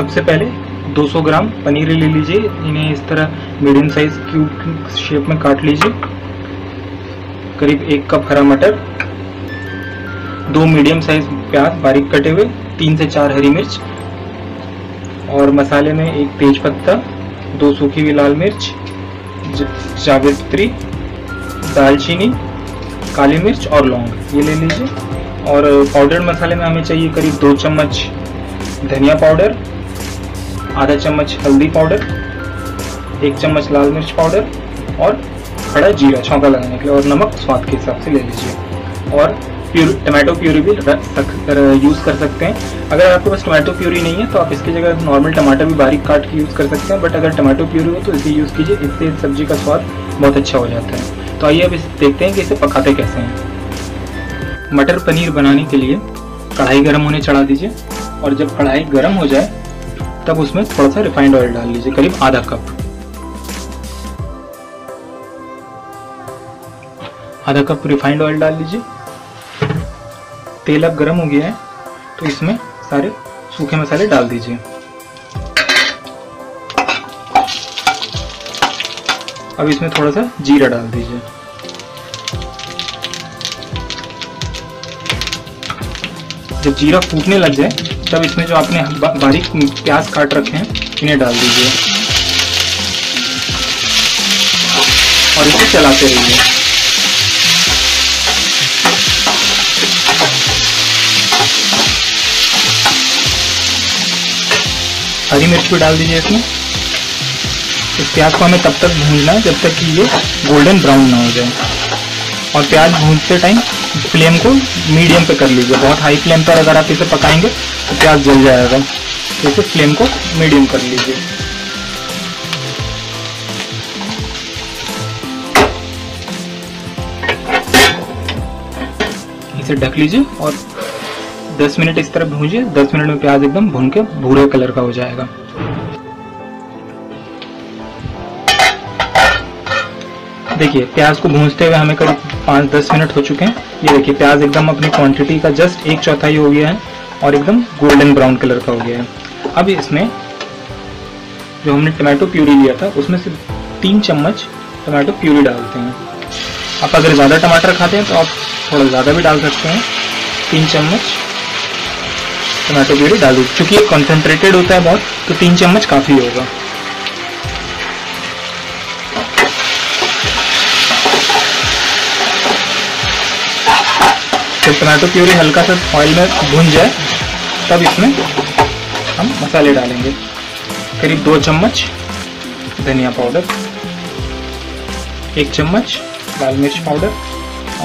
सबसे पहले 200 ग्राम पनीर ले लीजिए इन्हें इस तरह मीडियम साइज क्यूब शेप में काट लीजिए करीब एक कप हरा मटर दो मीडियम साइज प्याज बारीक कटे हुए तीन से चार हरी मिर्च और मसाले में एक तेज पत्ता दो सूखी हुई लाल मिर्च जावित्री दालचीनी काली मिर्च और लौंग ये ले लीजिए और पाउडर मसाले में हमें चाहिए करीब दो चम्मच धनिया पाउडर आधा चम्मच हल्दी पाउडर एक चम्मच लाल मिर्च पाउडर और खड़ा जीरा छौका लगाने के लिए और नमक स्वाद के हिसाब से ले लीजिए और प्यूर टमाटो प्यूरी भी यूज़ कर सकते हैं अगर आपके पास टमाटो प्यूरी नहीं है तो आप इसकी जगह नॉर्मल टमाटर भी बारीक काट के यूज़ कर सकते हैं बट अगर टमाटो प्यूरी हो तो इसे यूज़ कीजिए इससे इस सब्जी का स्वाद बहुत अच्छा हो जाता है तो आइए अब इस देखते हैं कि इसे पकाते कैसे हैं मटर पनीर बनाने के लिए कढ़ाई गर्म होने चढ़ा दीजिए और जब कढ़ाई गर्म हो जाए तब उसमें थोड़ा सा रिफाइंड ऑयल डाल लीजिए करीब आधा कप आधा कप रिफाइंड ऑयल डाल लीजिए तेल अब गर्म हो गया है तो इसमें सारे सूखे मसाले डाल दीजिए अब इसमें थोड़ा सा जीरा डाल दीजिए जब जीरा फूटने लग जाए तब इसमें जो आपने बारीक प्याज काट रखे हैं इन्हें डाल दीजिए और इसे चलाते रहिए हरी मिर्च भी डाल दीजिए इसमें इस प्याज को हमें तब तक भूनना है जब तक कि ये गोल्डन ब्राउन ना हो जाए और प्याज भूनते टाइम फ्लेम को मीडियम पे कर लीजिए बहुत हाई फ्लेम पर अगर आप इसे पकाएंगे तो प्याज जल जाएगा तो इसे फ्लेम को मीडियम कर लीजिए इसे ढक लीजिए और 10 मिनट इस तरह भूजिए 10 मिनट में प्याज एकदम भून के भूरे कलर का हो जाएगा देखिए प्याज को भूंजते हुए हमें करीब पाँच दस मिनट हो चुके हैं ये देखिए प्याज एकदम अपनी क्वांटिटी का जस्ट एक चौथाई हो गया है और एकदम गोल्डन ब्राउन कलर का हो गया है अब इसमें जो हमने टमाटो प्यूरी लिया था उसमें से तीन चम्मच टमाटो प्यूरी डालते हैं आप अगर ज़्यादा टमाटर खाते हैं तो आप थोड़ा ज़्यादा भी डाल सकते हैं तीन चम्मच टमाटो प्यूरी डालू चूँकि ये कॉन्सेंट्रेटेड होता है बहुत तो तीन चम्मच काफ़ी होगा टमाटो प्यूरी हल्का सा ऑयल में भुन जाए तब इसमें हम मसाले डालेंगे करीब दो चम्मच धनिया पाउडर एक चम्मच लाल मिर्च पाउडर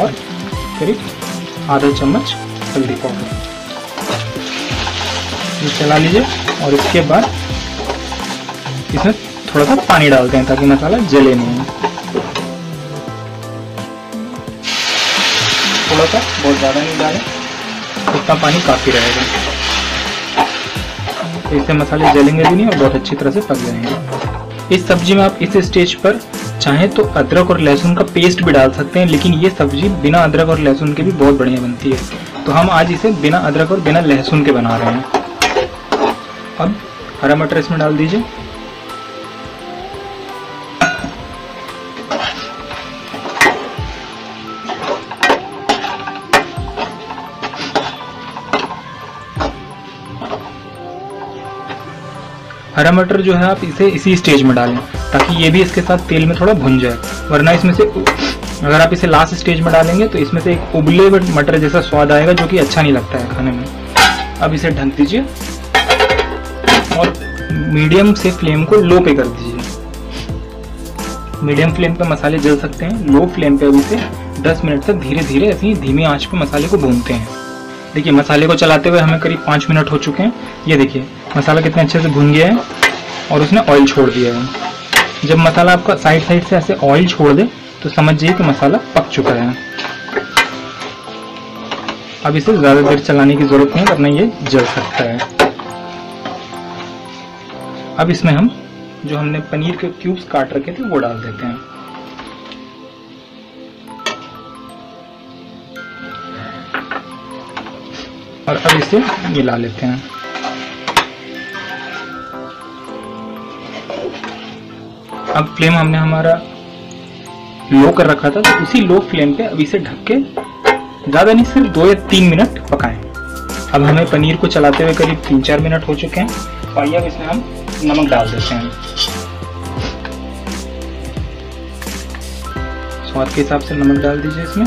और करीब आधा चम्मच हल्दी पाउडर ये चला लीजिए और इसके बाद इसमें थोड़ा सा पानी डालते हैं ताकि मसाला जले नहीं थोड़ा सा बहुत ज़्यादा नहीं डालें उतना पानी काफ़ी रहेगा इससे मसाले जलेंगे भी नहीं और बहुत अच्छी तरह से पक जाएंगे इस सब्जी में आप इस स्टेज पर चाहें तो अदरक और लहसुन का पेस्ट भी डाल सकते हैं लेकिन ये सब्जी बिना अदरक और लहसुन के भी बहुत बढ़िया बनती है तो हम आज इसे बिना अदरक और बिना लहसुन के बना रहे हैं अब हरा मटर इसमें डाल दीजिए हरा मटर जो है आप इसे इसी स्टेज में डालें ताकि ये भी इसके साथ तेल में थोड़ा भुन जाए वरना इसमें से अगर आप इसे लास्ट स्टेज में डालेंगे तो इसमें से एक उबले हुए मटर जैसा स्वाद आएगा जो कि अच्छा नहीं लगता है खाने में अब इसे ढक दीजिए और मीडियम से फ्लेम को लो पे कर दीजिए मीडियम फ्लेम पे मसाले जल सकते हैं लो फ्लेम पे अभी इसे 10 मिनट तक धीरे धीरे ही धीमी आंच पे मसाले को भूनते हैं देखिए मसाले को चलाते हुए हमें करीब पाँच मिनट हो चुके हैं ये देखिए मसाला कितने अच्छे से भून गया है और उसने ऑयल छोड़ दिया है जब मसाला आपका साइड साइड से ऐसे ऑयल छोड़ दे तो समझिए कि मसाला पक चुका है अब इसे ज़्यादा देर चलाने की ज़रूरत नहीं वरना ये जल सकता है अब इसमें हम जो हमने पनीर के क्यूब्स काट रखे थे वो डाल देते हैं और अब इसे मिला लेते हैं अब फ्लेम हमने हमारा लो कर रखा था तो उसी लो फ्लेम पे अब इसे ढक के ज़्यादा नहीं सिर्फ दो या तीन मिनट पकाएं अब हमें पनीर को चलाते हुए करीब तीन चार मिनट हो चुके हैं और अब इसमें हम नमक डाल देते हैं स्वाद के हिसाब से नमक डाल दीजिए इसमें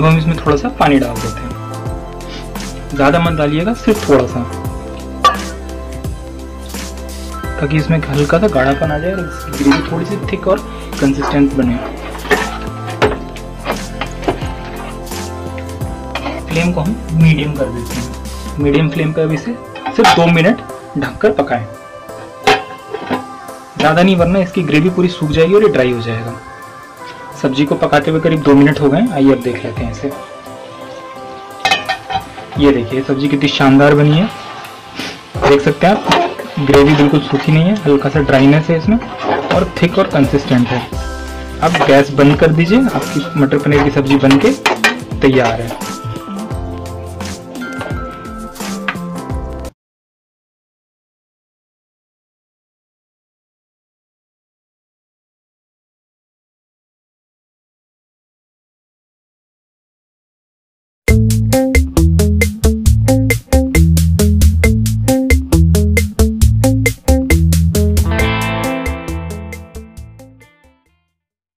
अब हम इसमें थोड़ा सा पानी डाल देते हैं ज़्यादा मत डालिएगा सिर्फ थोड़ा सा ताकि इसमें हल्का सा गाढ़ापन आ जाए और इसकी ग्रेवी थोड़ी सी थिक और कंसिस्टेंट बने फ्लेम को हम मीडियम कर देते हैं मीडियम फ्लेम पर अब इसे सिर्फ दो मिनट ढककर पकाएं ज़्यादा नहीं वरना इसकी ग्रेवी पूरी सूख जाएगी और ये ड्राई हो जाएगा सब्जी को पकाते हुए करीब दो मिनट हो गए आइए अब देख लेते हैं इसे ये देखिए सब्जी कितनी शानदार बनी है देख सकते हैं आप ग्रेवी बिल्कुल सूखी नहीं है हल्का सा ड्राइनेस है इसमें और थिक और कंसिस्टेंट है अब गैस बंद कर दीजिए आपकी मटर पनीर की सब्जी बन के तैयार है